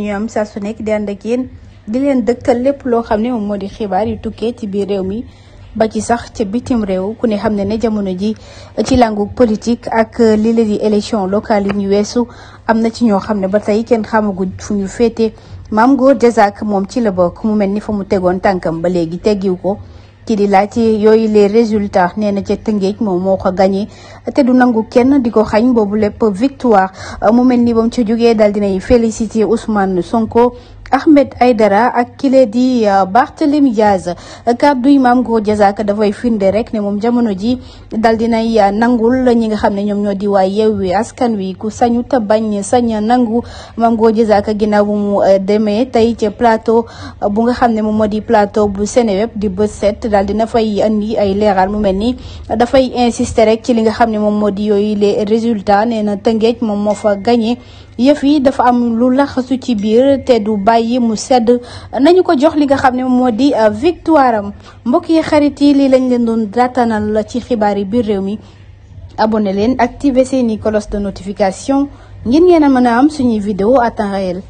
ñuy am saa su nekk di ànd di leen dëkkal lépp loo xam ne moom moo di xibaar yu tukkee ci biir réew mi ba ci sax ca bitim réew ku ne xam ne ne jamono ji ci làngu politique ak li la di élection locale yi ñu weesu am na ci ñoo xam ne ba tey kenn xamaguñ fu ñu féete maam góor jazak moom ci la bokk mu mel ni fa mu tegoon tànkam ba léegi teggiw ko ki di laaj yooyu le résultats nee na ca Tëngéej moom moo ko gagné te du nangu kenn di ko xañ boobu lépp victoire mu mel ni ba mu ca jógee daal dinay féliciter Ousmane Sonko. Ahmed Aidara ak kile di euh, Barthélémy Diaz kàdduy Mame Gor Diazaka dafay firnde rek ne moom jamono ji dal dinay euh, nangul ñi nga xam ne ñoom ñoo di waa Yewwi Askan Wi ku sañu te bañ saña nangu Mame Gor Diazaka ginnaaw bu mu euh, demee tey ci plateau bu nga xam ne moom moo di plateau bu Seneweb di bët set daal dina fay andi ay leeral mu mel ni dafay insiste rek ci li nga xam ne moom moo di yooyu les résultats nee na Tëngéej moom moo fa gagné yëf yi dafa am lu laxasu ci bàyyi mu sedd nañu ko jox li nga xam ne euh, victoire am mbokk yi xarit yi lii lañ leen doon datanal la ci xibaar yi biir mi abonné leen activer seeni cloche de notification ngir en a am suñu vidéo à temps réel